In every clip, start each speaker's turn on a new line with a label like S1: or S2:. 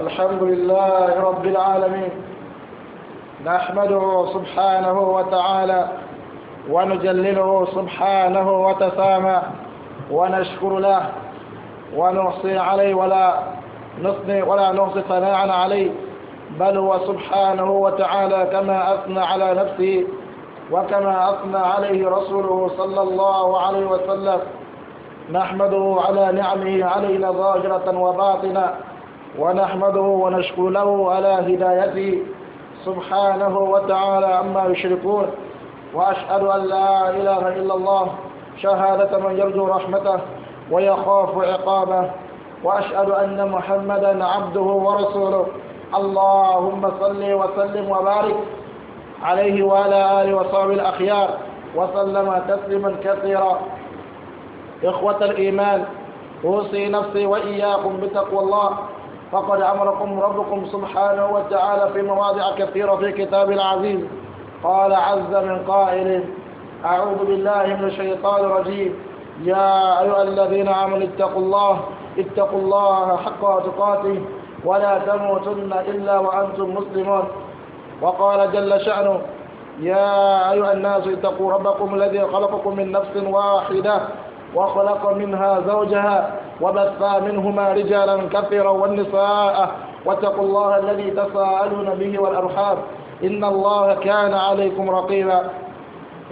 S1: الحمد لله رب العالمين نحمده سبحانه وتعالى ونجلله سبحانه وتسامى ونشكر له ونحصي عليه ولا نثني ولا نحصي ثناء عليه بل هو سبحانه وتعالى كما أثنى على نفسه وكما أثنى عليه رسوله صلى الله عليه وسلم نحمده على نعمه علينا ظاهرة وباطنة ونحمده ونشكر له على هدايته سبحانه وتعالى عما يشركون وأشهد أن لا إله إلا الله شهادة من يرجو رحمته ويخاف عقابه وأشهد أن محمدا عبده ورسوله اللهم صل وسلم وبارك عليه وعلى آله وصحبه الأخيار وسلم تسليما كثيرا إخوة الإيمان أوصي نفسي وإياكم بتقوى الله فقد أمركم ربكم سبحانه وتعالى في مواضع كثيرة في كتاب العزيز قال عز من قائل أعوذ بالله من الشيطان الرجيم يا أيها الذين آمنوا اتقوا الله اتقوا الله حق تقاته ولا تموتن إلا وأنتم مسلمون وقال جل شأنه يا أيها الناس اتقوا ربكم الذي خلقكم من نفس واحدة وخلق منها زوجها وبثا منهما رجالا كثيرا والنساء واتقوا الله الذي تساءلون به والأرحام إن الله كان عليكم رقيبا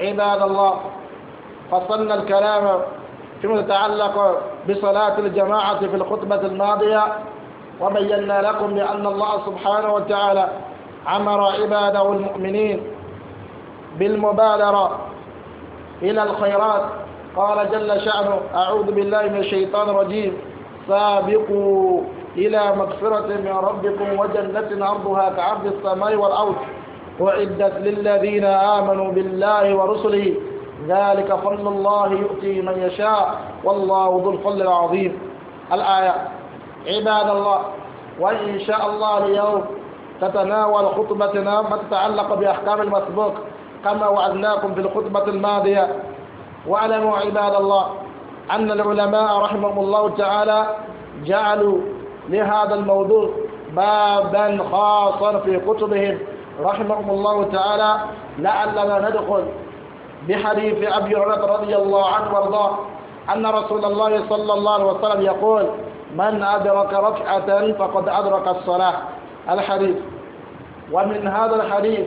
S1: عباد الله فصلنا الكلام فيما يتعلق بصلاة الجماعة في الخطبة الماضية وبينا لكم بأن الله سبحانه وتعالى أمر عباده المؤمنين بالمبادرة إلى الخيرات قال جل شأنه أعوذ بالله من الشيطان الرجيم سابقوا إلى مغفرة من ربكم وجنة عرضها كعرض السماء والأرض أعدت للذين آمنوا بالله ورسله ذلك فضل الله يؤتي من يشاء والله ذو الفضل العظيم الآية عباد الله وإن شاء الله اليوم تتناول خطبتنا ما تتعلق بأحكام المسبوق كما وعدناكم في الخطبة الماضية واعلموا عباد الله أن العلماء رحمهم الله تعالى جعلوا لهذا الموضوع بابا خاصا في كتبهم رحمهم الله تعالى لعلنا ندخل بحديث أبي هريرة رضي الله عنه وارضاه أن رسول الله صلى الله عليه وسلم يقول من أدرك ركعة فقد أدرك الصلاة الحديث ومن هذا الحديث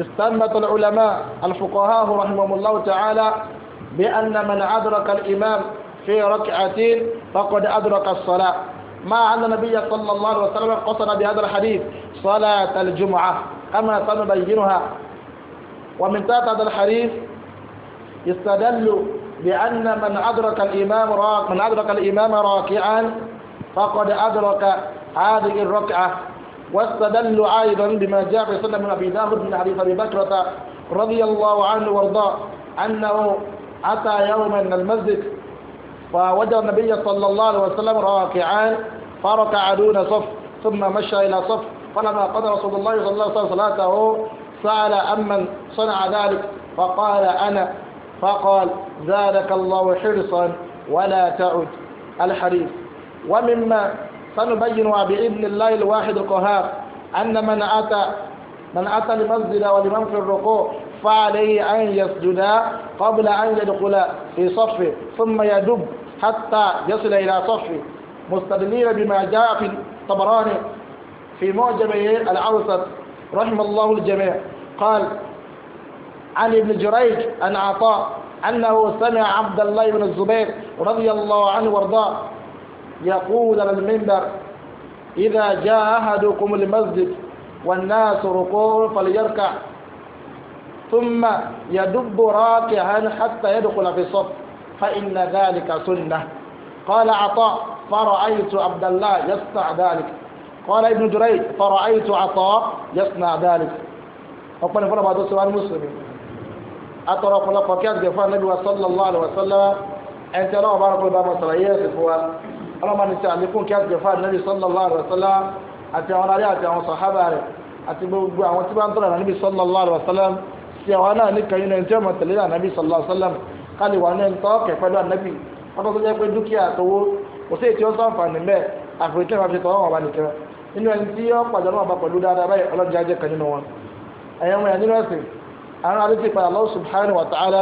S1: استنبط العلماء الفقهاء رحمهم الله تعالى بأن من أدرك الإمام في ركعتين فقد أدرك الصلاة مع أن النبي صلى الله عليه وسلم قصد بهذا الحديث صلاة الجمعة كما سنبينها ومن تحت هذا الحديث يستدل بأن من أدرك الإمام راك من أدرك الإمام راكعا فقد أدرك هذه الركعة واستدل أيضا بما جاء في سنة من أبي داود من حديث أبي بكرة رضي الله عنه وارضاه أنه أتى يوما من المسجد فوجد النبي صلى الله عليه وسلم راكعان فركع دون صف ثم مشى إلى صف فلما قضى رسول الله صلى الله عليه وسلم صلاته سأل أمن صنع ذلك فقال أنا فقال زادك الله حرصا ولا تعد الحديث ومما سنبين بإذن الله الواحد القهار أن من أتى من أتى المسجد والإمام في الركوع فعليه أن يسجدا قبل أن يدخل في صفه ثم يدب حتى يصل إلى صفه مستدلين بما جاء في الطبراني في معجم الأوسط رحم الله الجميع قال عن ابن جريج عن عطاء أنه سمع عبد الله بن الزبير رضي الله عنه وارضاه يقول على المنبر إذا جاء أحدكم المسجد والناس ركوع فليركع ثم يدب راكعا حتى يدخل في الصف فإن ذلك سنة قال عطاء فرأيت عبد الله يصنع ذلك قال ابن جريج فرأيت عطاء يصنع ذلك ọ̀pọ̀ nìfọ́nà bá tó ṣe wá ní mùsùlùmí atọ́rọ ọ̀pọ̀lọpọ̀ kí àti gẹ̀fà níbi wa sallallahu alaihi wa sallam ẹni tí ọlọ́wọ́ bá rọ̀ pẹ̀lú àmọ́ sàlàyé ẹ̀sìn fún wa ọlọ́mọ ní ti àlékún kí àti gẹ̀fà níbi sallallahu alaihi wa sallam àti àwọn aráyé àti àwọn sàhábà rẹ̀ àti gbogbo àwọn tí bá ń tọ́lọ̀ níbi sallallahu alaihi wa sallam tí àwọn náà ní kẹyìn náà tí ọmọ tẹ̀lé ànábì sallallahu alaihi wasallam kálí wà ní ẹ̀ńtọ́ ọ̀kẹ́ pẹ̀lú ànábì ọdún tó jẹ́ pé dúkìá àtọwó kò sí ètí ó sàǹfààní mẹ́ àfòrítẹ́ máa fi tọ́ ọ̀hún wa nìkan nínú ẹni tí ó pàdé ọlọ́run ọba pẹ̀lú dáadáa báyìí ọlọ́run jẹ́ kan nínú wọn. ẹ̀yẹ́ wọn nínú ẹ̀sìn àwọn adé ti padà Allah subhanahu wa ta'ala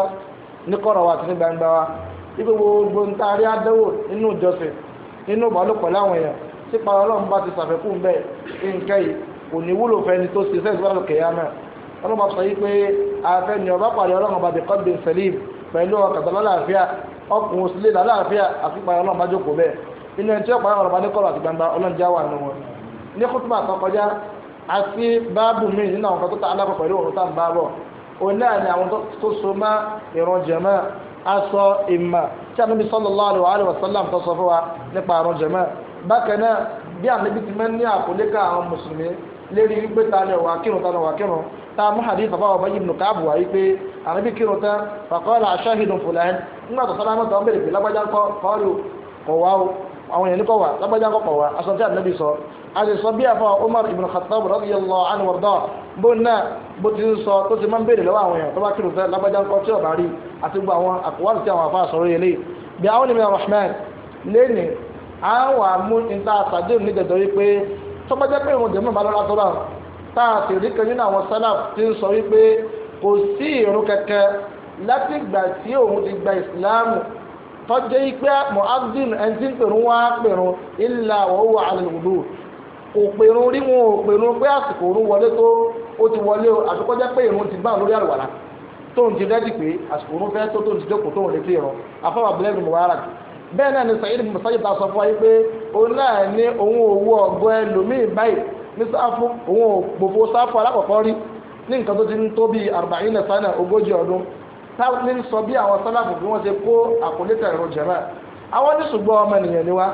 S1: ní kọ̀rọ̀ wa àti ní gbangba wa ibi gbogbo ń taari adéwò nínú ìjọsìn nínú ìbálòpọ̀ láwọn èèyàn tí padà ọlọ́run bá ti sàfẹ́kù bẹ́ẹ̀ nǹkan yìí kò ní wúlò fẹ́ni tó ọlọ́mọ sọ yìí pé àfẹnì ọba pàdé ọlọ́mọ bàbí kọ́ndé Salim, pẹ̀lú ọkàtà lálàáfíà ọkùnrin sílé lálàáfíà àfipá ọlọ́mọ jókòó bẹ́ẹ̀ ilé ẹni tí ọ̀pọ̀ ọ̀rọ̀ bá ní kọ̀rọ̀ àti gbangba ọlọ́njà wà nù wọn. ní kútùmọ̀ àtọkọjá àti báàbù mi nínú àwọn kan alákọ̀ pẹ̀lú òun tá à ń bá bọ̀ òun náà ni àwọn tó so má ìran jẹ̀mọ́ aṣọ ìmọ̀ tí Ànábì sallallahu alaihi wasallam tó sọ fún wa nípa àrùn jẹ̀mọ́ bákan náà bí Ànábì ti máa ń ní àkólé ká àwọn mùsùlùmí lérí wípé ta ni ọ̀wà kírun ta mú hadith bàbá ọba ibn Ka'b wáyé pé ànábì kírun tán faqala shahidun fulan nígbà tó sálámù tó ń bèrè pé lágbájá ńkọ́ kọ́ọ̀lù kọ̀ wá o àwọn èèyàn ní kọ̀ wá lágbájá ńkọ́ kọ̀ wá aṣọ tí ànábì sọ a sì sọ bí Umar ibn Khattab radiyallahu anhu warda bó náà bó ti ń sọ tó ti máa ń bèrè lọ́wọ́ àwọn èèyàn tó bá kírun tán lágbájá ńkọ́ tí ọ̀bá rí àti gbogbo àwọn àkùwárù tí àwọn àfa sọ̀rọ̀ yẹlé bí àwọn ènìyàn rahman lẹ́nìí àwọn àmú ìta àtàdé òní dẹ̀dọ̀ yìí pé tọ́gbẹ́jẹ́ pé ìwọ̀n jẹ̀mọ́ ìbálòlá tó bá táà sì rí kan nínú àwọn sálàf tí ń sọ wípé kò sí ìrun kankan láti ìgbà tí òun ti gba ìsìláàmù tọ́jẹ́ wípé muhammadu ẹni tí ń pèrún wá pèrún illa wa huwa ala al-wudu kò pèrún rí wọn ò pèrún pé àsìkò òun wọlé tó ó ti wọlé o àti kọjá pé ìrun ti bá lórí àlùwàlá tóun ti rẹ́dì pé àsìkò òun fẹ́ tó tóun ti jókòó tóun lè fi ìrun àfọwọ́ abúlẹ́nu mubarak bẹ́ẹ̀ náà ni sàyẹ́dì mùsàyẹ́dì ta sọ fún wa yìí pé òun náà ní òun òwú ọ̀gọ́ ẹlòmíì báyìí ní sáfù òun ò gbòfo sáfù alákọ̀ọ́kọ́ rí ní nǹkan tó ti ń tó bíi àrùbáyìn náà sáyẹn ogójì ọdún táwọn ní sọ bí àwọn sálàfù bí wọ́n ṣe kó àkólétà ẹ̀rọ jẹ̀rẹ̀ àwọn ní ṣùgbọ́n ọmọ ènìyàn ni wá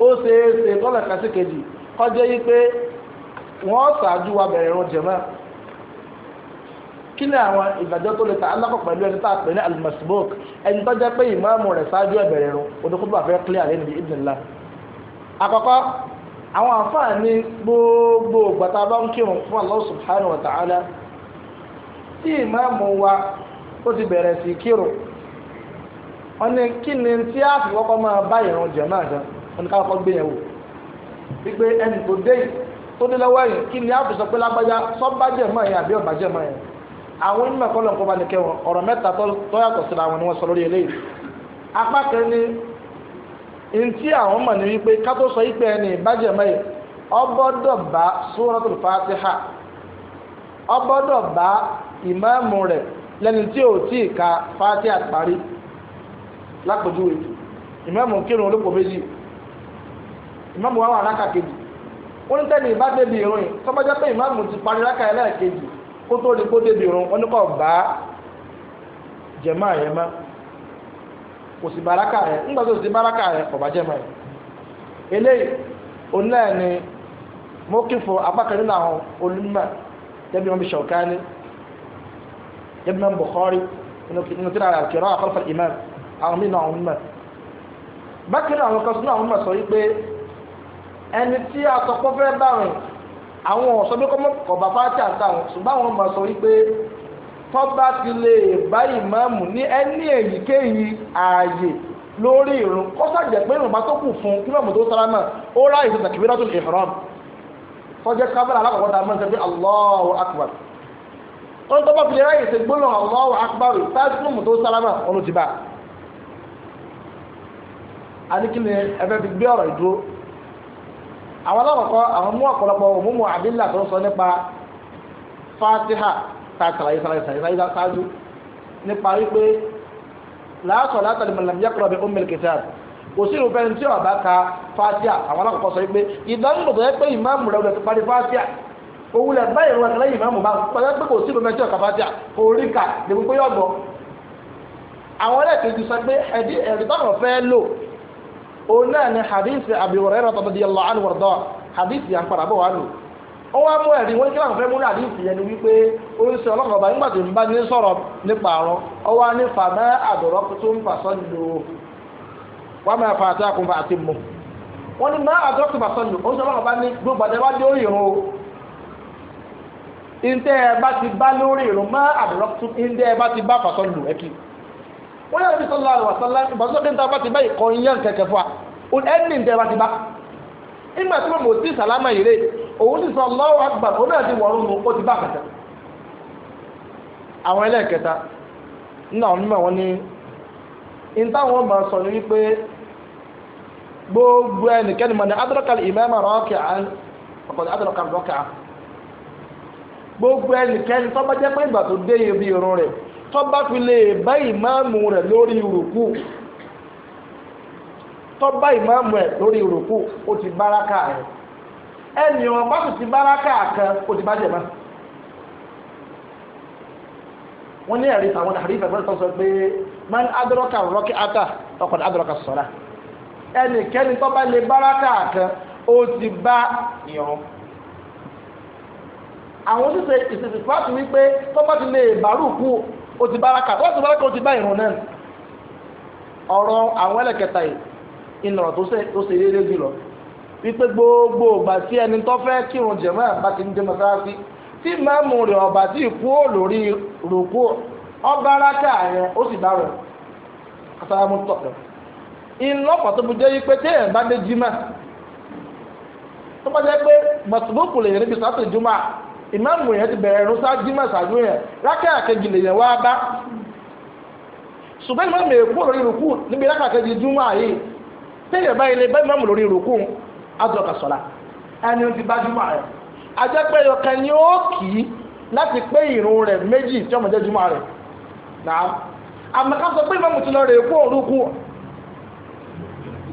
S1: ó ṣe é ṣe tọ́lẹ̀ kan sí kejì kọjá yí pé wọ́n ṣáájú wa bẹ̀rẹ̀ ẹ̀rọ jẹ̀rẹ̀ kí ni àwọn ìdájọ́ tó lè ta alákọ̀ pẹ̀lú ẹni tá a pè ní almasbuk ẹni tó jẹ́ pé ìmáàmù rẹ̀ ṣáájú ẹ̀bẹ̀rẹ̀ ẹ̀rọ odò kó tó bá fẹ́ clear lẹ́nu ibn àkọ́kọ́ àwọn àǹfààní gbogbo gbàtà bá ń kírun fún Allah subhanahu wa ta'ala tí ìmáàmù wa ó ti bẹ̀rẹ̀ sí kírun wọ́n ní kí ni tí a fi kọ́kọ́ máa bá ìrun jàmáà gan wọ́n ní ká kọ́kọ́ gbé yẹn wò wípé ẹnì tó dé tó dé lọ́wọ́ yìí kí ni a fi sọ pé lágbájá sọ́ba jàmáà yẹn àbí ọ̀bà jàmáà yẹn àwọn onímọ̀ kọ́lọ̀ nǹkan bá ní kẹwọn ọ̀rọ̀ mẹ́ta tó yàtọ̀ síra wọn ni wọ́n sọ lórí eléyìí apá kan ntí àwọn mọ̀ ni wípé kátó sọ ìpè ẹni ìbájẹ̀mọ́ yìí ọgbọ́dọ̀ bá Suratul Fatiha ọgbọ́dọ̀ bá ìmáàmù rẹ̀ lẹ́ni tí ò tí ì ka Fatiha parí lápòjúwe ìmáàmù kírun olóko méjì ìmáàmù wa wà kejì ó ní tẹ́lẹ̀ ìbá débi yìí pé ti parí láka ẹlẹ́ẹ̀kejì kó tó kó débi ó ní kọ́ bá jẹ̀mọ́ àyẹ̀mọ́ kò sì baraka rẹ̀ nígbà tó sì baraka rẹ̀ kò bá jẹ́ mọ́ ẹ̀ eléyìí òun náà ni mo kí fún apákan nínú àwọn olùmọ̀ jẹ́bi wọn bí Shaukani jẹ́bi wọn Bukhari inú tíra rẹ̀ kìrọ̀ àkọ́fà imam àwọn mí náà olùmọ̀ bákan náà àwọn kan sínú àwọn olùmọ̀ sọ wípé ẹni tí a sọ pé fẹ́ bá rìn àwọn ọ̀sọ́ bí kọ́ bàbá tí a ń ṣùgbọ́n àwọn ọmọ sọ wípé tọ́ba ti lè bá ìmáàmù ní ẹni èyíkéyìí ààyè lórí ìrun kó sàjẹ́ pé ìrùnbá tó kù fún kí lọ́mù tó sára náà ó rà ìrìn takbiratul ihram sọjẹ́ kábàlà alákọ̀ọ́kọ́ tá a máa ń sọ pé Allahu akbar ó ń tọ́ba fi lè ráyè ṣe gbólóhùn Allahu akbar táàtì lọ́mù tó sára náà ọ̀nà ti bá a ní kí ni ẹfẹ́ fi gbé ọ̀rọ̀ ìdúró àwọn alákọ̀ọ́kọ́ àwọn mú ọ̀pọ̀lọpọ̀ òmùmù àbílà tó ń sọ nípa Fatiha ta kàlàyé sàlàyé sàlàyé sáájú nípa wípé làásọ̀ látàlí mọ̀lẹ́m yẹ́kọ̀rọ̀ bí ummil kitab kò sí ìrùfẹ́ ní tí ó bá ka fatia àwọn alákọ̀ọ́kọ́ sọ wípé ìdánwò tó yẹ pé ìmáàmù rẹ̀ wọlé ti parí fatia òun lẹ̀ báyìí rẹ̀ lẹ́yìn ìmáàmù bá pàṣẹ pé kò sí ìrùfẹ́ tí ó ka fatia kò rí ka lèmi pé yọ̀gbọ́ àwọn ẹlẹ́kẹ̀ẹ́jì sọ pé ẹ̀dí ẹ̀rí táwọn fẹ́ lò òun náà ni hadith Abi Hurairah radiyallahu wọ́n wá mú ẹ̀rí wọ́n ní kí wọ́n fẹ́ mú ní àdífì ẹni wípé ó ń sọ ọlọ́kàn ọba nígbà tó ń bá ní sọ̀rọ̀ nípa àrùn ọwọ́ ní fàmẹ́ àdọ̀rọ̀ tó ń fàṣọ lò wọ́n máa fa àti àkùnfà àti mọ̀ wọ́n ní má àdọ̀rọ̀ tó fàṣọ lò ó ń sọ ọlọ́kàn ọba ní gbogbo àti ẹwà dé ó yìí o ntẹ́ ẹ bá ti bá lórí ìrùn má àdọ̀rọ̀ tó ntẹ́ ẹ bá ti bá fàṣọ lò ẹ̀kí wọ́n yà nígbà tí mo ti sàlámà yìí rè òun ti sọ lọ́wọ́ àgbà òun náà ti wọ̀ọ́rùn mu ó ti bá kẹta àwọn ẹlẹ́ẹ̀kẹta nínú àwọn wọn ní n táwọn máa sọ wípé gbogbo ẹnikẹ́ni mọ̀ ní adúlọ́kàlì ìmẹ́mà rọ́ọ̀kì àn ọ̀kọ̀ adúlọ́kàlì rọ́ọ̀kì gbogbo ẹnikẹ́ni tó jẹ́ pé ìgbà tó dé ibi irun rẹ̀ tó fi lè tọ́ba ìmáàmù ẹ̀ lórí ìrùkù ó ti báraka rẹ̀ ẹnì wọn bá sì ti báraka kan ó ti bàjẹ́ mọ́. wọ́n ní ẹ̀rí àwọn àrífẹ́ fẹ́ sọ pé man adọ́rọ́kà rọ́kì ata ọkọ̀dọ̀ adọ́rọ́kà sọ̀rọ̀ ẹnìkẹ́ni tọ́ba lè báraka kan ó ti bá ìrùn àwọn oníṣe ìsìnkú láti wípé tọ́ba ti lè bàrúkú ó ti báraka tọ́ba ti báraka ó ti bá ìrùn náà ọ̀rọ̀ àwọn ẹlẹ́kẹta yìí ìnà tó ṣe déédéé jùlọ wípé gbogbo ìgbà tí ẹni tó fẹ́ kírun jẹ̀mọ́ bá ti ń tí màmú rẹ̀ ọ̀bà tí ìkú ò lórí rògbò ọba arákà yẹn ó sì bá rẹ̀ asálámù tọ̀tọ̀ ìlọ́pàá tó fi jẹ́ wípé téèyàn bá dé jimá tó bá jẹ́ pé mọ̀tòbókù lè níbi yẹn ti bẹ̀rẹ̀ ẹ̀rún sá jimá ṣáájú yẹn rákà kejì wá bá ṣùgbọ́n èkó lórí rògbò níbi yìí téèyàn báyìí lè bẹ́ẹ̀ mọ́mù lórí ìrókù azọ̀kà sọ̀la ẹni tí bá jùmọ̀ rẹ̀ ajẹ́pẹ́ yọkan ni ó kì í láti pé ìrun rẹ̀ méjì tí ọmọdé jùmọ̀ rẹ̀ náà sọ pé ti lọ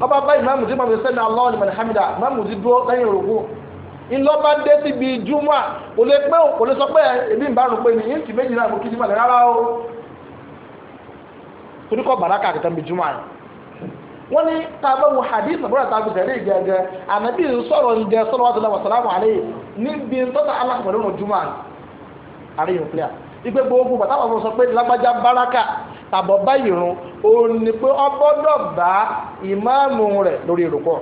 S1: ọba bá ìmọ̀mù tí mọ̀mù sẹ́ni aláwọ̀ ni mọ̀lẹ́hámídà ti dúró lẹ́yìn dé síbi jùmọ̀ kò lè pé kò lè sọ pé èmi ń bá pé méjì náà wọ́n ní tábàwọ̀ hadith àbúrò àtàbí tẹ̀lé gẹ́gẹ́ ànábì sọ̀rọ̀ ń jẹ́ sọ́rọ̀ wàtí lọ́wọ́ sàlámù àlẹ́ níbi tọ́ta alákùnrin ọ̀nà jùmọ̀ àrí yóò clear ipe gbogbo bàtà wà sọ pé lágbájá báràkà tàbọ̀ báyìí run òun ni pé ọgbọ́dọ̀ bá ìmáàmù rẹ̀ lórí ìrùkọ́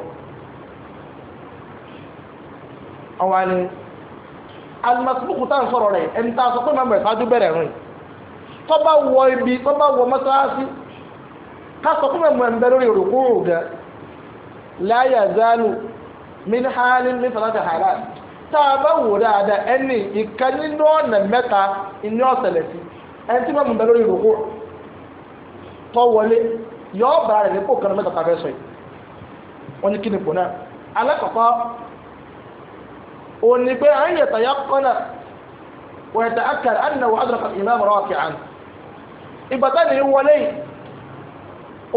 S1: ọwọ́ ni alimọ̀sibúkú tá à ń sọ̀rọ̀ rẹ̀ ẹni tá a sọ pé màmú ẹ̀ sáájú bẹ̀rẹ̀ rìn tọ́ba wọ ibi tọ́ba wọ mọ́sálásí kásọ̀ fún mẹ́mọ́ ẹ̀mẹ́ lórí òrùkú ògá láyà zánú min hali min salata hàlá tá a bá wò dáadáa ẹni ìka nínú ọ̀nà mẹ́ta ìní ọ̀sẹ̀lẹ̀ sí ẹni tí mẹ́mọ́ ẹ̀mẹ́ lórí òrùkú tó wọlé yọ bá rẹ̀ nípò kan mẹ́ta tàbí ẹ̀sọ̀ yìí wọ́n ní kí ni pò náà alákọ̀ọ́kọ́ òní pé à ń yẹ̀tà yá kọ́nà wẹ̀tà akẹ́rẹ́ àdìnà wà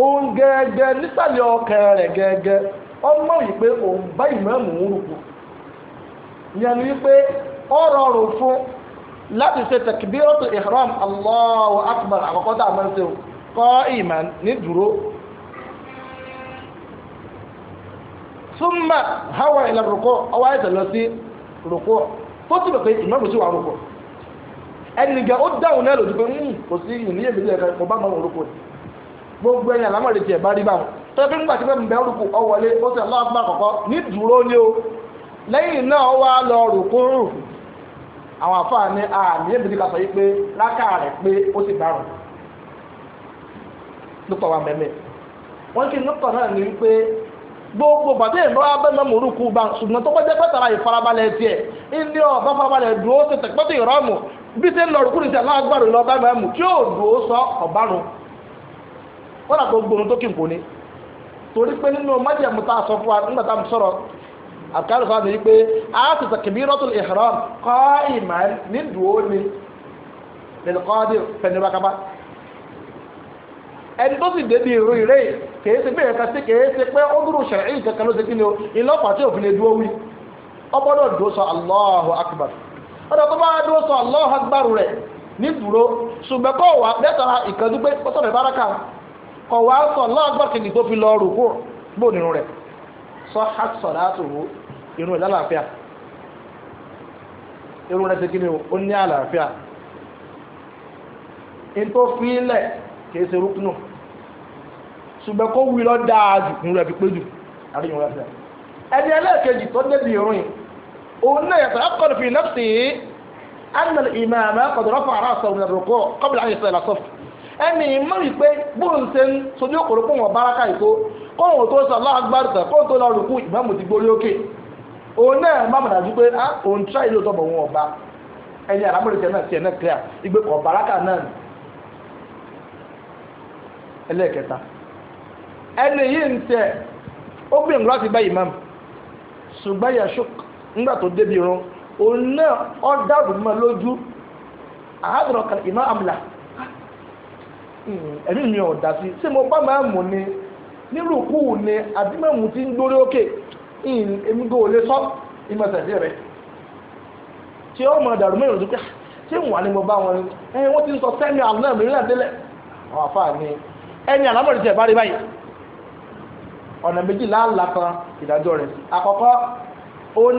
S1: òun gẹ́gẹ́ nísàlẹ̀ ọkàn rẹ̀ gẹ́gẹ́ ọmọ yìí pé òun bá ìmáàmù ń rùkù yẹn ni wípé ó rọrùn fún láti ṣe takbiratu ihram Allahu akbar àkọ́kọ́ tá a máa ń ṣe kọ́ ìmàn ní dúró súnmà hawa ìlà rùkọ́ ọwọ́ àìsàn lọ sí rùkọ́ tó ti bẹ̀ pé ìmáàmù sí wà rùkọ́ ẹnìgà ó dáhùn náà lòdì pé hmm, kò sí ìníyèmí lẹ́ẹ̀kan mo bá máa ń rùkọ́ gbogbo ẹ̀yìn àlámọ̀lẹ̀ tiẹ̀ bá rí báwọn tó yẹ pé nígbà tí bẹ́ẹ̀ bẹ́ẹ̀ ọ ó sì Allahu Akbar kọ̀kọ́ ní dúró o lẹ́yìn náà ó wá lọ rùkúrù àwọn àfáà ní àmì ẹ̀bìrì kà yìí pé láká rẹ̀ pé ó dárùn wa mẹ́mẹ́ wọ́n ti náà ní pé gbogbo bàtẹ́ ìlú bá ṣùgbọ́n tó kọjá pẹ́tàrà ìfarabalẹ̀ tiẹ̀ ilé farabalẹ̀ dúró ṣe ìrọ́mù bí sọ ọ̀bárùn kọ́nà gbogbo ohun tó kì kò ní torí pé nínú májèmú tá a sọ fún wa nígbà tá a sọ̀rọ̀ àkàrà sọ̀rọ̀ ni pé a ti sàkìbí rọ́tùl ìhram kọ́ ìmọ̀ ní dùó ni lẹ́lẹ́kọ́ọ́dì fẹ̀nìbàkàbà ẹni tó sì débi ìró ìré kèé ṣe bẹ́ẹ̀ kan sí kèé ṣe pé ó dúró ṣẹ̀rẹ̀ ìyí kankan ló ṣe kí ni o ìlọ́pàá tí òfin lè dúó wí ọgbọ́dọ̀ dúró Allahu akbar ọ̀dọ̀ tó bá dúró sọ Allahu akbar rẹ̀ ní dúró ṣùgbọ́n kọ́ wà bẹ́ẹ̀ sọ ìkànnì pé ó sọ̀rọ̀ ìbára kan kọ̀wá sọ lágbàkejì tó fi lọ rùkú bò nínú rẹ̀ sọ àṣọ̀dá àtòwò irun rẹ̀ lálàáfíà irun rẹ̀ ti kí ni ó ní àlàáfíà in tó fi ilẹ̀ kìí ṣe rúkúnù ṣùgbọ́n kó wí lọ dáa jù irun rẹ̀ fi pé jù àríyìn rẹ̀ fẹ́ ẹni ẹlẹ́ẹ̀kejì tó débi irun yìí òun náà yàtọ̀ akọ̀lù fi nafsihi anna al-imama qad rafa'a ra'sahu min ar-ruku' qabla ẹni mọ̀ wípé bóun ṣe ń sojú òkòrò pọ̀ wọ́n báraka ìtó kóhun tó sọ Allahu Akbar tó ti gbórí òkè òun náà má mọ̀ dájú pé ah, òun tíra ìlú bọ̀ wọn ọba ẹni náà tiẹ̀ náà kọ̀ náà ẹlẹ́ẹ̀kẹta ẹni yìí ń ó láti bá ṣùgbọ́n tó Hmm, ẹ̀mí mi ò sí ṣé mo bá máa ni ni àdìmọ̀mù ti ń gbórí òkè hmm, sọ ìmọ̀sẹ̀sí rẹ̀ tí ó mọ̀ dàrú mẹ́rin lókè tí wọ́n ní mo bá wọn wọ́n ti ń sọ sẹ́mi àlọ́ náà mìíràn délẹ̀ ni ẹni àlámọ̀rí tẹ̀ bá rí báyìí ọ̀nà méjì láàlá kan ìdájọ́ rẹ̀ àkọ́kọ́ owó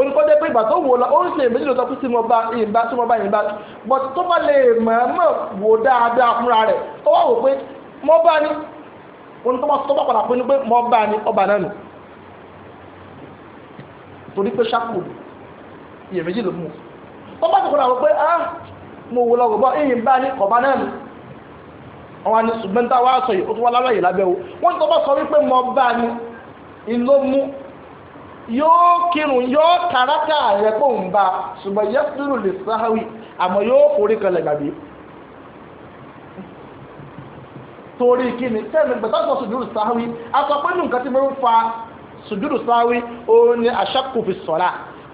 S1: oníkọ́jẹ́ pé ìgbà tó wò lọ ó ń ṣe èmi nílò tọ́kú sí mo bá ìgbà tí mo bá ìgbà but tó bá lè mọ̀ọ́mọ̀ wò dáadáa fúnra rẹ̀ ó wà wò pé mo bá ní oníkọ́jẹ́ tó bá padà pé ní pé mo bá ní ọba náà nù torí pé ṣáàpù iyèméjì ló mú ó bá ti kọ́ra wò pé ah mo wò lọ wò bọ́ ìyìn bá ní ọba náà nù àwọn ni ṣùgbọ́n tá a wá sọ yìí ó tún wá lálẹ́ yìí lábẹ́ o wọ́n ti sọ wípé mo bá ní yóò kírun yóò tàràkà rẹ̀ ń ba ṣùgbọ́n yẹ́sùlù lè sáháwì àmọ́ yóò forí kalẹ̀ gbàgbé torí kíni tẹ́ẹ̀mì gbẹ̀tà sọ sùdúrù sáháwì aṣọ nǹkan tí mo fa sùdúrù sáháwì òun ni àṣàkù fi sọ̀rà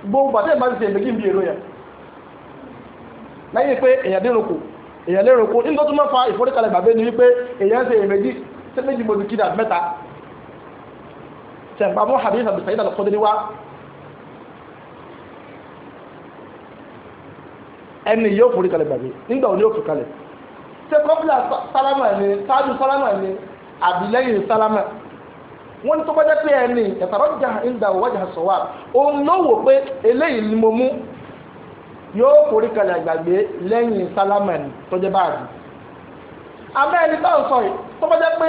S1: gbogbo àti ìbáṣe ṣe ìgbégi bí èrò yẹn lẹ́yìn pé èèyàn dé roko èèyàn lé roko nígbà tó fa ìforí kalẹ̀ ni wípé èèyàn ṣe sẹ̀ǹpà mú hadith àbí sẹ̀yìn àlùkọ́dé wá ẹni yóò forí kalẹ̀ gbàgbé nígbà wo ni yóò forí kalẹ̀ ṣe kọ́pìlà sálámà ni ṣáájú sálámà ni àbí lẹ́yìn sálámà wọ́n ní tó bá jẹ́ pé ẹni ẹ̀tàrọ́jà ìdá òwájà sọ̀wà òun ló wò pé eléyìí ni mo mú yóò forí kalẹ̀ gbàgbé lẹ́yìn sálámà ni tó jẹ́ báàgì àmọ́ ẹni táwọn sọ yìí tó bá pé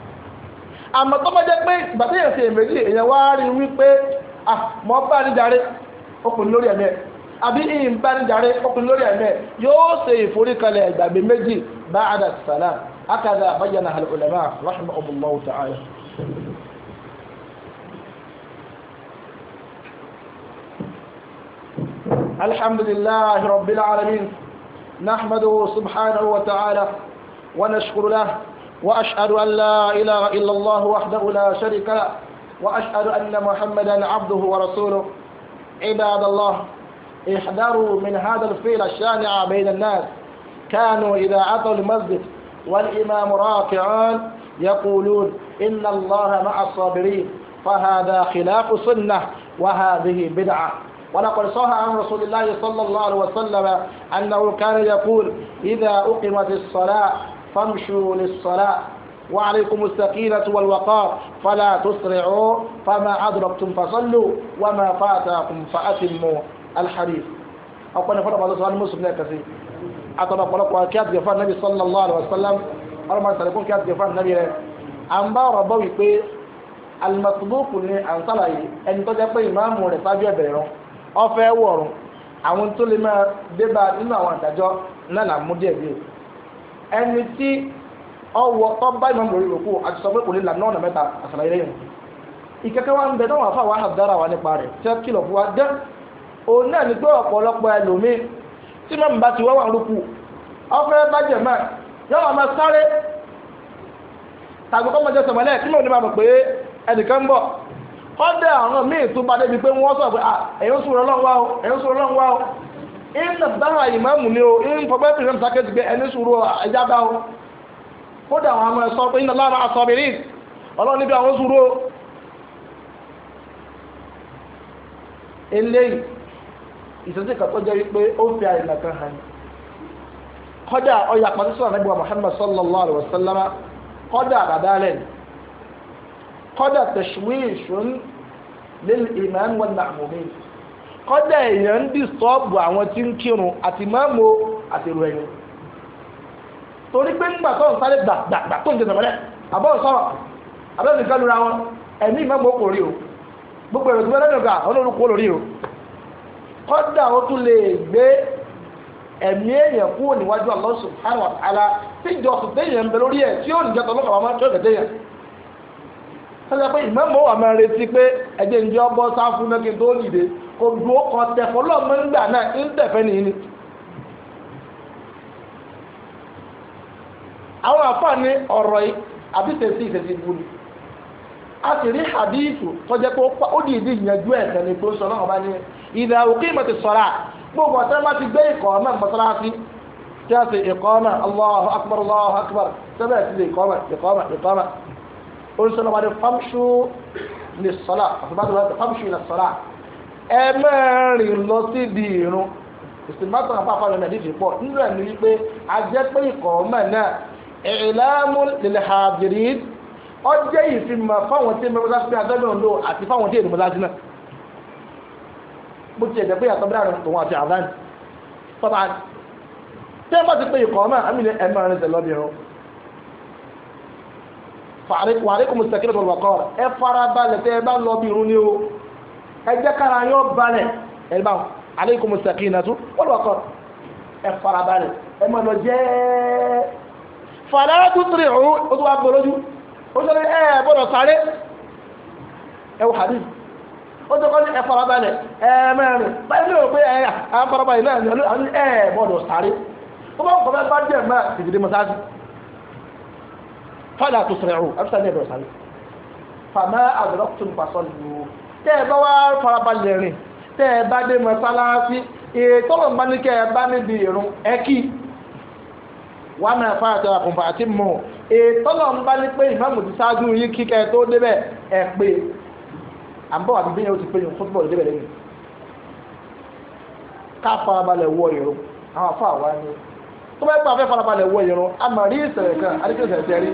S1: àmọ́ tó bá jẹ́ pé ìgbà tí èèyàn ṣe èmẹ́jì èèyàn wá rí wípé àmọ́ bá ní jàre ọkùnrin lórí ẹ̀mẹ́ àbí ìyìn bá ní jàre ọkùnrin lórí ẹ̀mẹ́ yóò ṣe ìforíkalẹ̀ ìgbàgbé méjì bá àdà sàlám akadà bayyana al-ulama rahimahumullahu ta'ala. الحمد لله رب العالمين نحمده سبحانه وتعالى ونشكر له وأشهد أن لا إله إلا الله وحده لا شريك له وأشهد أن محمدا عبده ورسوله عباد الله احذروا من هذا الفيل الشانع بين الناس كانوا إذا أتوا المسجد والإمام راكعان يقولون إن الله مع الصابرين فهذا خلاف سنة وهذه بدعة ولقد صح عن رسول الله صلى الله عليه وسلم أنه كان يقول إذا أقمت الصلاة فامشوا للصلاة وعليكم السكينة والوقار فلا تسرعوا فما أدركتم فصلوا وما فاتكم فاتموا الحديث أقول نفر بعض الصلاة المسلم لكسي أتبقى لكم كيات جفان النبي صلى الله عليه وسلم أرمى سلكم كيات جفان النبي أن بار بوي alimọtubuku ni à ń sàlàyé ẹni tó jẹ pé ìmáàmù rẹ̀ ṣáájú ẹ̀bẹ̀rẹ̀ rán ọfẹ wọrùn àwọn tó lè máa débà nínú àwọn àdájọ́ náà ẹni tí ọwọ́ tó bá ìmọ̀ lórí òkú àti sọ pé kò lè là náà mẹ́ta àṣàlàyé lẹ́yìn ìkẹ́kẹ́ wa ń bẹ táwọn afáwọn àdára wa nípa rẹ̀ tí wọ́n kìlọ̀ fún wa dẹ́ òun náà ní pé ọ̀pọ̀lọpọ̀ ẹlòmíì tí mọ̀ bá ti wọ́wọ́ rúkú ọ̀fẹ́ bá jẹ̀ mọ́ yọ̀wọ̀ máa sáré tàbí kọ́ máa jẹ sọ̀mọ́lẹ̀ kí lóun ní máa mọ̀ pé ẹnìkan ń bọ̀ kọ́dẹ̀ àwọn míì tó bá débi pé wọ́n sọ pé ẹ̀yìn sùn ọlọ́run wá o ẹ̀yìn sùn ọlọ́run wá o ìnà dáhà ìmáàmù ni o ń fọgbẹ́ pèsè mùsàkẹ́tì pé ẹni sùúrù ẹja bá o kódà àwọn ọmọ ẹ̀sọ́ pé ìnà lára àsọ̀bìrì ọlọ́run níbi àwọn sùúrù o eléyìí ìṣẹ́sí kan tó jẹ́ wípé ó fi àìmọ̀ kan hàn kódà ọyà pàṣẹsọ ànábì wa Muhammad sallallahu alaihi wa sallam kódà àdàdàlẹ̀ kódà tashwish lil imam wal ma'mumin Kọdụ èèyàn ń sọọbụ àwọn tí ń kírun àti mọ́mọ́ àtẹ̀rù ẹ̀yìn torí pé nígbà tó ń sáré gbàgbàgbà tó ń jẹ tẹ̀mọ́lẹ̀ àbọ̀ sọ̀rọ̀ àbẹ́ nìkan lura wọn ẹ̀mí ìmọ̀gbọ́ kò rí o gbogbo èrò tó lẹ́nu lórí o ó tún lè gbé ẹ̀mí èèyàn kúrò níwájú tí ìjọ sùn ẹ̀ ń kò dùn ó kàn tẹ̀fọ́ lọ́mọ nígbà náà ń tẹ̀fẹ́ nìyí ni. àwọn àfààní ọ̀rọ̀ yìí àbí tẹ̀sí ìtẹ̀sí ìbú ni a sì rí hadithu tó jẹ́ pé ó di ìdí ìyànjú ẹ̀sẹ̀ ni tó sọ náà bá ní ìdá òkè ìmọ̀ ti sọ̀rọ̀ gbogbo ọ̀tẹ́ bá ti gbé ìkọ̀ náà mọ́sálásí tí a sì ìkọ̀ náà Allahu akbar Allahu akbar sẹ́bẹ̀ sí lè ìkọ̀ náà ìkọ̀ náà ìkọ̀ náà ó sọ ní famṣu ní sọ̀rọ̀ ẹ máa rìn lọ síbi ìrun ìsìnbátàn àpapọ̀ lọ́nà ìdíje pọ̀ nínú ẹ̀ ní wípé a jẹ́ pé ìkọ̀ ọmọ náà ìlàmú lèlèhàbìrì ọ jẹ́ ìfimọ̀ fáwọn tí mẹ́fọ́sá sí adájọ́ ńlò àti fáwọn tí ènìyàn lájú náà bó ti ẹ̀jẹ̀ pé yàtọ̀ bí àrùn tòun àti àbáyé tọ́ba tí ẹ bá ti pé ìkọ̀ ọmọ àmì ni ẹ̀mọ́ rẹ̀ tẹ̀lọ́ bí irun wàhálẹ́kùn mùsàkínà ẹjẹ́ kára yóò balẹ̀ ẹ̀rọ aleikum sakinatu wal waqar ẹ fara balẹ̀ ẹ máa lọ jẹ́ fàlẹ́ àtúntìrì ọ̀hún o pé ẹ à fara balẹ̀ náà ní ẹ gbọ́dọ̀ sáré ó bá ń kọ́ bẹ́ẹ̀ bá jẹ́ mọ́ ìdílé mọ́sáàsì fàlẹ́ àtúntìrì ọ̀hún ẹ tẹ́ ẹ bá wá farabalẹ̀ rìn tẹ́ ẹ bá dé mọ́sálásí ètò ọ̀rọ̀ bá ní kẹ́ ẹ bá níbi ìrún ẹ kí wàá máa fa àtẹ̀wà kùnfà àti mọ̀ ètò ọ̀rọ̀ bá ní pé ìmáàmù ti ṣáájú yín kí kẹ́ ẹ tó débẹ̀ ẹ pé àbọ̀ àbí bí yẹn ó ti pé yín fútbọ̀lù débẹ̀ lẹ́yìn ká farabalẹ̀ wọ ìrún àwọn afọ àwa ni tó bá yẹ pé àfẹ́ farabalẹ̀ wọ ìrún àmọ̀ rí ìṣẹ̀lẹ̀ kan àdékè ìṣẹ̀lẹ̀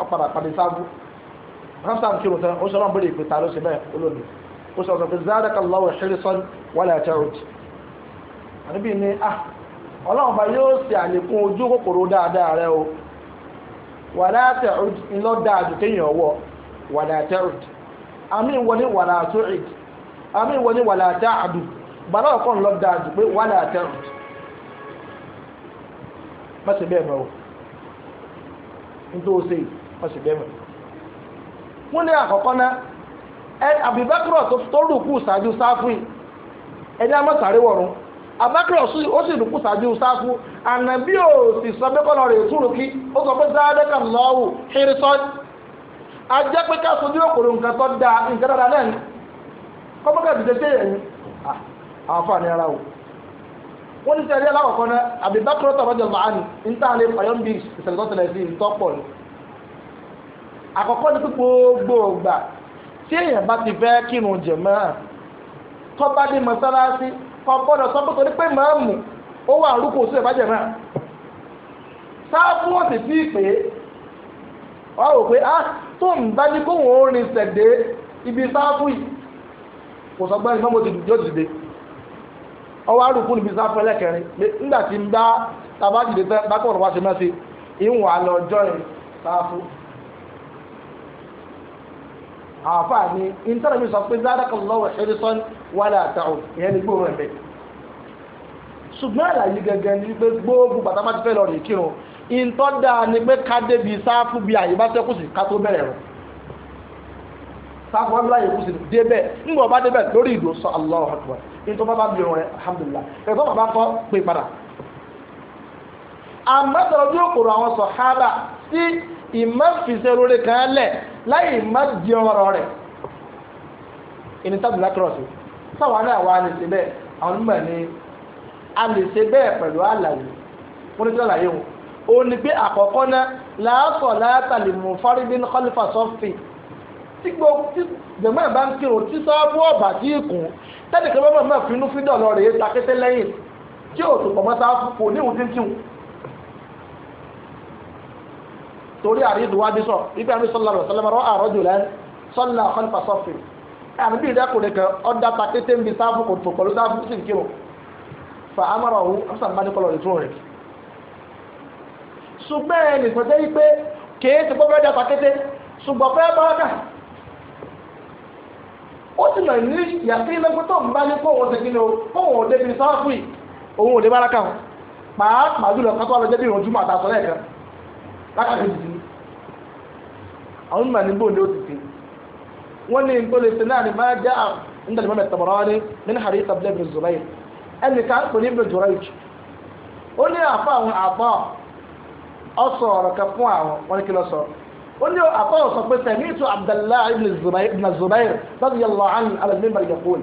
S1: ọ̀padà pàdé sáàbù hamsan kírun tán ó sọ̀rọ̀ bẹ̀rẹ̀ ìpè ta ló ṣe bẹ́ẹ̀ olóòní ó sọ̀rọ̀ pé zádàkà lọ́wọ́ ṣẹ́rìsọ́n wàlẹ̀ ni ah ọlọ́run yóò ṣe àlékún ojú kòkòrò dáadáa rẹ o wàlẹ̀ àtẹ̀rọ̀t ńlọ dáadù kéèyàn ọwọ́ wàlẹ̀ àtẹ̀rọ̀t àmì pé wọ́n sì bẹ́ẹ̀ mọ̀ wọ́n ní àkọ́kọ́ náá àbíbákírọ̀ tó rùkú ṣáájú sáfù ẹni amọ́sàrí wọ̀run àbákírọ̀ ó sì rùkú ṣáájú sáfù ànàbí ò sì sọ pé kọ́nà rẹ̀ túrù kí ó sọ pé sáádẹ́kà lọ́wọ́ hírísọ́ ajẹ́ pé ká sojú òkòrò nǹkan tó da nǹkan dáadáa náà ni kọ́mọ́kà ti tẹ́tẹ́ yẹn àwọn afáàní ara wò wọ́n ti sẹ́rí aláwọ̀kọ́ náà àbíbákírọ̀ tọ̀rọ̀ àkọ́kọ́ ni pé gbogbo ògbà tí èèyàn bá ti fẹ́ kírun jẹ̀mọ́ à tó bá dé mọ́sálásí kò gbọ́dọ̀ sọ pé torí pé màámù ó wà rúkú òsì ẹ̀bá jẹ̀mọ́ à sáfù òsì tí ì pé wọ́n rò pé ah, tó ń bá ní orin sẹ̀dé ibi sáfù yìí kò sọ gbẹ́rin mọ́mọ́ yóò dìde ọwọ́ àrùkù níbi sáfù ẹlẹ́kẹrin nígbà tí ń bá bá àáfàá ni ìtàn mi sọ pé zadakallahu hirsan wala ta'ud ìyẹn ni gbóòórùn ẹ̀mẹ́ ṣùgbọ́n àlàyé gẹ́gẹ́ ni pé gbogbo bàtà ti fẹ́ lọ rìn kírun ni pé ká débi sáfù bíi àyè ká tó bẹ̀rẹ̀ rẹ̀ sáfù wọn láyè débẹ̀ ńgbọ̀n bá débẹ̀ lórí ìdò sọ Allahu akbar láì má di ọ̀rọ̀ rẹ̀ ìní tábìlì akérọ̀sì sáwọn náà wà á lè ṣe bẹ́ẹ̀ àwọn onímọ̀ ni a lè ṣe bẹ́ẹ̀ pẹ̀lú àlàyé wọ́n ti sàlàyé wọn ó ní pé àkọ́kọ́ náà làásọ̀ látàlì mú fárídín kọ́lífà sọ́fì tí gbẹ̀mọ́ ìbá ń kírun tí sọ́ọ́bù ọ̀bà tí ìkùn tẹ́lẹ̀ kí wọ́n mọ̀ fi inú fídọ̀ lọ rèé takété lẹ́yìn tí ò tó fò níhùn torí àrídù wá bí sọ ibi àmì sọlá rẹ sọlá rọ àrọjù lẹ sọlá kọlífà sọfì àmì bí ìdákùnrin kan ọdá ta kété ń bi sáfù kò tó pẹ̀lú sáfù sí ìkírun fa amara ọ̀hún ọ̀sán bá ní kọlọ̀ ìtúrò rẹ̀ ṣùgbọ́n ẹni pẹ̀tẹ́ yí pé kèé ti gbọ́ bẹ́ẹ̀ dá ta kété ṣùgbọ́n fẹ́ bá dà ó sì mọ̀ ní yàtí lẹ́gbẹ́ tó ń bá ní kóhùn ṣe kíni o kóhùn òde bíi sáfù yìí òun òde bára kàn pàápàá jùlọ kátó àlọ́jẹ́ bí ìrọ̀jú màtà sọ lẹ́ẹ̀kan lákàtà ìdí àwọn mímọ̀ níbo ni ó ti fi wọ́n ní nítorí ṣe náà ni máa jẹ́ àwọn nítorí mọ́mọ́ ìtàbọ̀rọ̀ ni nínú àrí ìtàbílẹ̀ ibn Zubayr ẹnì kan pè ní ibn Jurayj ó ní àfa àwọn àbọ̀ ọ sọ ọ̀rọ̀ kan fún àwọn wọn kí lọ sọ ó ní àfa ọ̀ sọ pé sẹ̀mí ibn Zubayr radiyallahu anhu al-minbar yaqul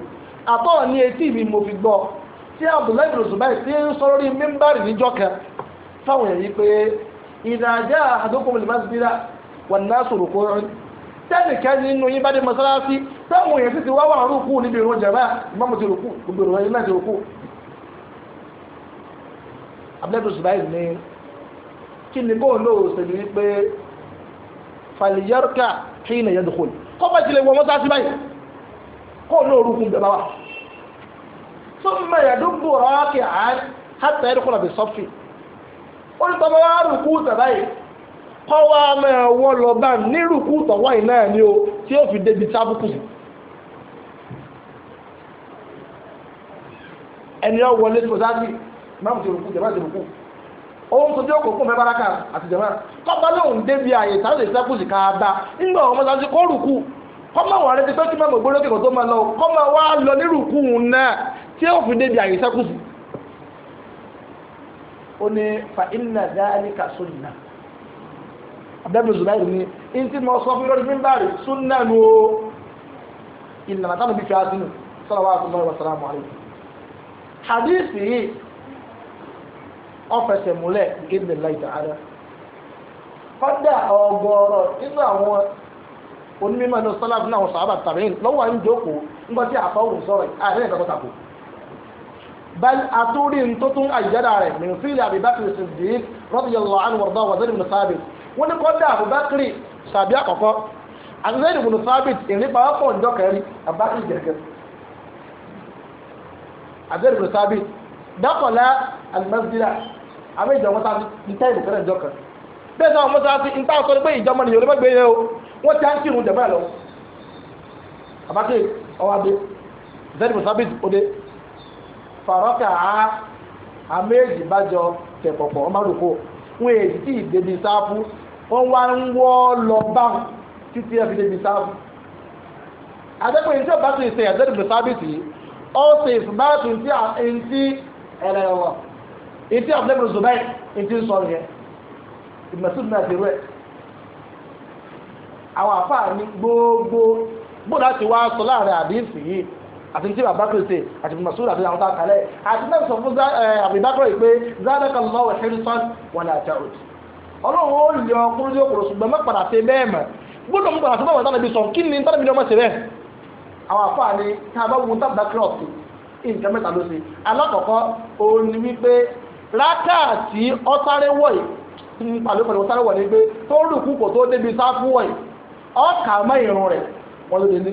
S1: àfa ọ̀ ní etí mo fi gbọ́ tí Abdullahi ibn Zubayr ti ń sọ lórí mímbàrì níjọ́ kan fáwọn èyí idha jaa ahadukum al-masjida wan-nasu ruku'un tẹ́nìkẹ́ni nínú yín bá dé mọ́sálásí táwọn èèyàn sì ti wá wà rúkú níbi ìrún jàmbá ìmọ̀mù ti rúkú gbogbo ìrún ẹ̀yìn náà ti rúkú. abúlẹ́dùn ṣùgbọ́n ní kí ni bóun ló ṣe ní pé fàlìyárkà kí ni yẹn dùkú kó bá ti lè wọ mọ́sálásí báyìí kó ló rúkú bẹ̀ bá wà. sọ́mọ̀ yàdúgbò rákì àán hàtà ẹ̀rọ ó ní tọ́mọ wá rùkú tàbáyé kọ́ wá máa wọ́n lọ bá ní rùkú tọ̀wọ́ ìná ẹ̀ ní o tí ó fi débi tábùkù ẹni ọ wọlé tó sáà sí máa mú ti rùkú jẹ̀má ti rùkú òun tó dé òkò fún mẹ́bàrá kan àti jẹ̀má kọ́pá lóun débi àyè tàbí lè sẹ́kù sí káàdá ńgbà ọmọ sáà sí kó rùkú kọ́mọ àwọn arẹ́tí pé kí máa mọ̀ gbólókè kò tó máa lọ kọ́mọ wá lọ ní rùkú náà tí ó fi débi àyè sẹ́kù sí ó ní fa inna dhalika sunna abdul zubair ní in tí mo sọ fún lórí mímbàrí sunna nu o ìlànà táwọn bí fi á sínú salawatu Allahi wa salamu alayhi hadith yìí ọ̀fẹsẹ̀ múlẹ̀ ìdílé láìta ara kọ́dà ọgọ́rọ̀ nínú àwọn onímọ̀ ní sọ́lá fún àwọn sàhábà tàbí lọ́wọ́ à ń jókòó nígbà tí àfọwọ́ sọ̀rọ̀ àárín ìgbàgbọ́ta kò bal atúrí tó tún àjẹ́dà rẹ̀ min fílẹ̀ àbíbákiri siddiq radiyallahu anhu wàrdọ́ wà zayd ibn thabit wọ́n ní kọ́dá àbíbákiri sàbí àkọ́kọ́ àti zayd ibn thabit ìní pàápọ̀ ọjọ́ kẹrin àbíbákiri gẹ̀gẹ̀ àti zayd ibn thabit dákọ̀lá alimẹ́sílá àbí ìjọ wọn sáfi níta ìbò kẹrin ọjọ́ kan bẹ́ẹ̀ sáwọn wọn sáfi níta sọ pé ìjọba ni yorùbá gbé yẹ o wọ́n ti á ń kírun jẹ̀mọ́ ẹ̀ lọ àbákiri ọwọ́ adé zayd ibn thabit ó dé fàrọ́kà á àméjì bá jọ tẹ̀pọ̀pọ̀ ọmọ àdúgbò wọn èyí tí ìdèbí sáfù wọn wá ń wọ́ lọ bá títí ẹ̀ fi dèbí sáfù. àdẹ́pọ̀ yìí tí ọba ti ṣe ẹ̀dẹ́rù bí sábìtì ó ṣe ìsúnmáàtì ntí ẹ̀rẹ̀ wọ̀ ntí àbúlẹ̀bù zùbẹ́ ntí ń sọ yẹn ìmọ̀sùn náà ti rẹ̀. àwọn àfáà ní gbogbo bó láti wá sọ láàrin àdínsì yìí àti tí bàbá kìí ṣe àti bí masoud àti àwọn àkàlẹ̀ àti náà sọ fún àbíbákọ̀ yìí pé zádàkà lọ́wọ́ hẹ́rìsán wọn là jà òjì ọlọ́run ó lè ọkùnrin tí ó kúrò ṣùgbọ́n mẹ́pàdà ṣe bẹ́ẹ̀ mọ̀ gbọ́dọ̀ mú padà sí báwọn tánàbí sọ kí ni tánàbí ni ọmọ ṣe bẹ́ẹ̀ àwọn àfáà ni tá a bá wù tábìlá kírọ̀ọ̀tì nǹkan mẹ́ta ló ṣe alákọ̀ọ́kọ́ òun ni wípé rákàtí ọ́sárẹ́wọ̀ yìí pàlú pẹ̀lú ọ́sárẹ́wọ̀ ni pé tó rùkú kò tó débi sáfúwọ̀ yìí ọkà mọ́ ìrun rẹ̀ wọ́n ló dé ní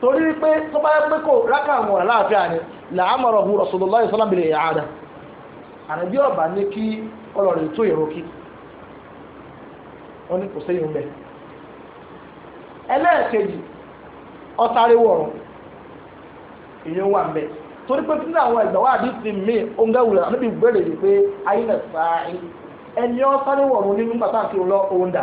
S1: torí pé tó bá yẹ pé kò rákà àwọn ni làámọ̀rọ̀ ọ̀hún Rasulullah sallallahu alaihi àrẹ̀bí ọ̀bà ní kí ọlọ́rẹ̀ tó kí wọ́n ní kò sẹ́yìn bẹ́ẹ̀ ẹlẹ́ẹ̀kejì ọ̀sáré wọ̀rọ̀ èyí wà ń bẹ̀ torí pé àwọn wà ní ti mí ongáwùlẹ̀ ìgbẹ́rẹ̀ yìí pé ayé ọ̀sáré wọ̀rọ̀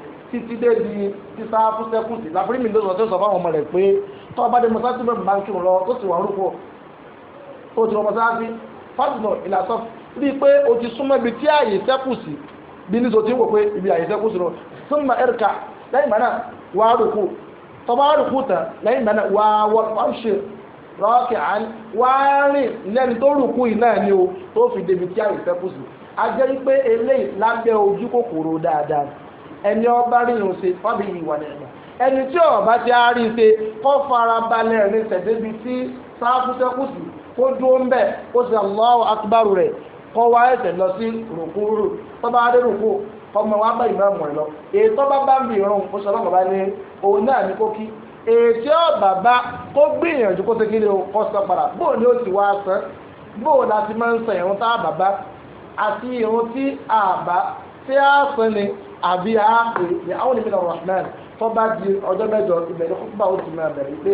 S1: títí dé di títà fúnṣẹ́kù sí láfírí mi ló sọ tó sọ fáwọn ọmọ rẹ̀ pé tó bá dé mọ́sáàtì bẹ́ẹ̀ bá ń kírun lọ tó sì wà rúkọ ó ti lọ mọ́sáàtì fásitì ìlàsọ rí i pé o ti súnmọ́ ibi tí ààyè sẹ́kù sí bí ní so ti ń wò pé ibi ààyè sẹ́kù sí lọ súnmọ́ ẹ̀ríkà lẹ́yìn mẹ́nà wà á rúkọ tó bá rúkọ tán lẹ́yìn mẹ́nà wà á wọ fáṣẹ rọ́ọ̀kì àn wà á rìn lẹ́ni tó rúkọ yìí náà ni o tó fi débi tí ààyè sẹ́kù eléyìí lábẹ́ ojú kòkòrò dáadáa ẹni ọba rí irun ṣe fábí ìwà nìyẹn ẹni tí ọba ti á rí ṣe kọ́ fara balẹ̀ rìn tẹ̀débi tí sáfúsẹ́kùsì kó dúró ń bẹ̀ ó ṣe Allahu akbar rẹ̀ kọ́ wá ẹsẹ̀ lọ sí rùkúrù tọ́ba adé rùkú ọmọ wa bá ìmọ̀ ẹ̀mọ̀ ẹ̀ lọ ètò bá bá ń bì irun ó ṣe ọlọ́mọba ní òun náà ní kó kí ètí ọ̀bàbá kó gbìyànjú kó segin ní ọkọ̀ sọ padà bóò Abi a ní àwọn ìmìnà rahman tó bá di ọjọ́ mẹ́jọ ìbẹ̀rẹ̀ kúkúbà ó ti máa bẹ̀rẹ̀ pé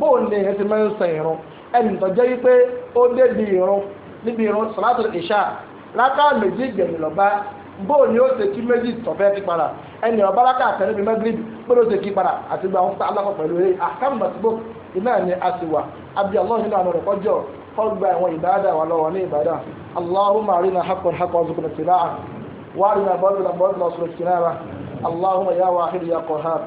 S1: bóun ni ẹ̀ ti máa ń sàn ìrun ẹnì tó jẹ́ wípé ó dé bi ìrun níbi ìrun sàlátù ìṣà látà méjì gbẹ̀mí bóun ni ó ṣe kí méjì tọ̀fẹ́ ti padà ẹnì ọba lákà àtẹ̀lé bíi mẹ́gírìbì ṣe kí padà àti gba àwọn alákọ̀ pẹ̀lú eré àkàmùbàtìbò وارنا باطلا باطلا وصل اجتنابه اللهم يا واحد يا قهار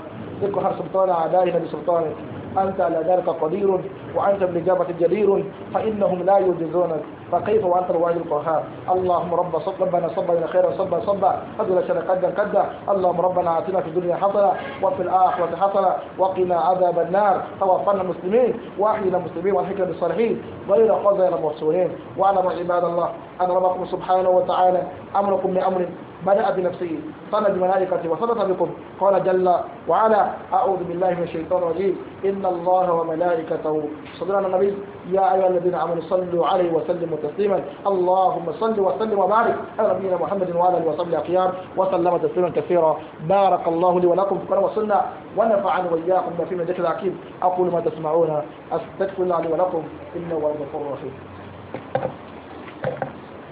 S1: اقهر سلطان اعدائنا بسلطانك أنت على ذلك قدير وأنت بالإجابة جدير فإنهم لا يجزونك فكيف وأنت الواحد القهار اللهم رب صب ربنا صب خيرا صبا صبا قدر شر قدر قدر اللهم ربنا آتنا في الدنيا حسنة وفي الآخرة حسنة وقنا عذاب النار توفنا المسلمين وأحينا المسلمين والحكمة بالصالحين غير خزي المحسنين وأعلم عباد الله أن ربكم سبحانه وتعالى أمركم بأمر بدأ بنفسه صلى بملائكته وصلت بكم قال جل وعلا أعوذ بالله من الشيطان الرجيم إن الله وملائكته صلى على النبي يا أيها الذين آمنوا صلوا عليه وسلموا تسليما اللهم صل وسلم وبارك على نبينا محمد وعلى آله وصحبه أخيار وسلم تسليما كثيرا بارك الله لي ولكم في القرآن والسنة ونفعني وإياكم بما من ذكر العقيم أقول ما تسمعون أستغفر الله لي ولكم إنه هو الغفور الرحيم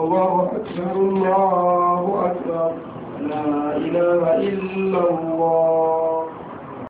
S1: الله أكبر الله أكبر لا إله إلا الله